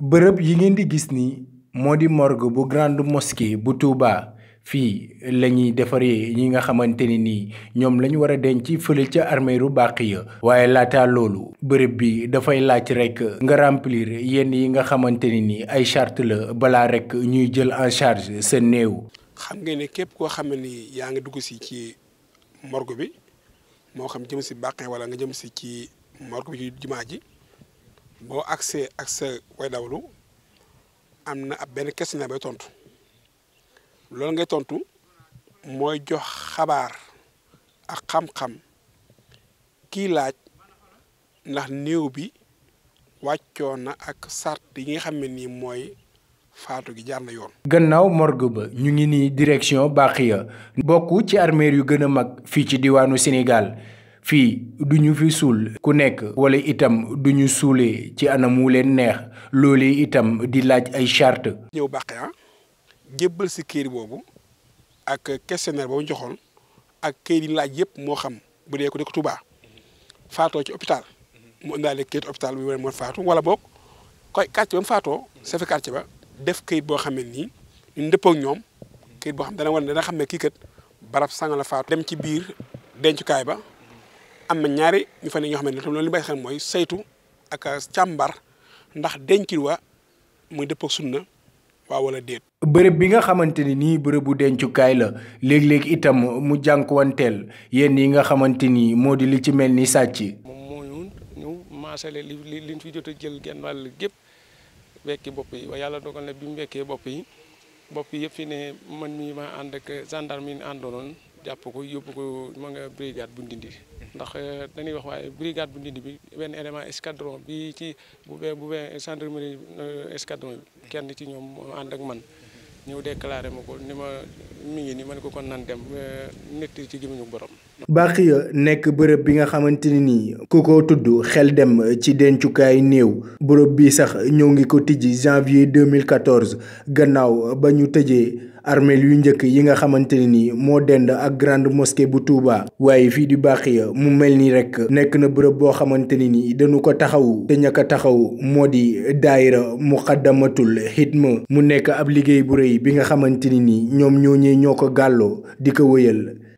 bërëb yi ngeen di gis ni moo di morgo bu grande mosquée bu Touba fii la ñuy defaree ñi nga xamante ni nii ñoom lañu ñu war a denc fële ca armeeru Baqiya waaye laataa loolu bërëb bi dafay laaj rek nga remplir yenn yi nga xamante ni nii ay charte la balaa rek ñuy jël en charge seen néew. xam nga ni képp koo xame ni yaa ngi dugg si ci morgo bi moo xam jëm si Baqiya wala nga jëm si ci morgue bi ci jumaa ji. boo agsee ak sa way dawlu am na ab benn question bay tontu loolu ngay tontu mooy jox xabaar ak xam-xam kii laaj ndax néew bi wàccoo na ak sart yi nga xam ne nii mooy faatu gi jaar na yoon. gannaaw morgue ba ñu ngi nii direction Bakhiya bokk ci armeel yu gën a mag fii ci diwaanu Sénégal. fii du ñu fi suul ku nekk wala itam du ñu suulee ci anam wu leen neex loolu itam di laaj ay charte ñëw bàqe ah si këyit boobu ak questionnaire boobu joxoon ak këyit yi laaj yëpp moo xam bu dee ko dëkk Touba faatoo ci hôpital mu indaale këyit hôpital bi wane moo faatu wala boog koy quartier ba mu faatoo safi quartier ba def këyit boo xam ne nii ñu dëppoo ñoom këyit boo xam dana war dana xam ne kii kat barab sanga la faatu dem ci biir dencukaay ba am na ñaari ñu fa ne ñoo xam ne tam loolu li bàyyi xel mooy saytu ak càmbar ndax dencin wa muy dëpp ak sunna waaw wala déet. bërëb bi nga xamante ni nii bërëbu dencukaay la léeg léegi itam mu jànkuwanteel yéen yi nga xamante ni moo di li ci mel ni sàcc. moom moo ñu ñëw maasale li li liñ fi jot a jël genn wàll gépp wekki bopp yi yàlla dogal nag bi mu wekkee bopp yi bopp yëpp fi ne man mii ma ànd ak gendarme yi àndoon jàpp ko yóbbu ko ma nga brigade bu ndindi ndax euh, dañuy wax waaye brigade bu Ndindy bi benn élément escadron bi ci bu bee bu bee gendarmerie euh, escadron bi kenn ci ñoom moo ànd ak man ñëw de déclaré ma ko ni ma mi ngi ni man ko kon nan dem euh, nit ci gémmiñu borom. Bakhiya nekk bërëb bi nga xamante ni nii ku ko tudd xel dem ci dencukaay néew bërëb bi sax ñoo ngi ko tijji janvier 2014 gannaaw ba ñu tëjee. armeel yu njëkk yi nga xamante ne ni moo dend ak grande mosquée bu Touba waaye fii di Bakhiya mu mel ni rek nekk na bërëb boo xamante ne ni dañu ko taxaw te ko taxaw moo di daayira xiit xidma mu nekk ab liggéey bu rëy bi nga xamante ne ni ñoom ñooñee ñoo ko gàlloo di ko wëyal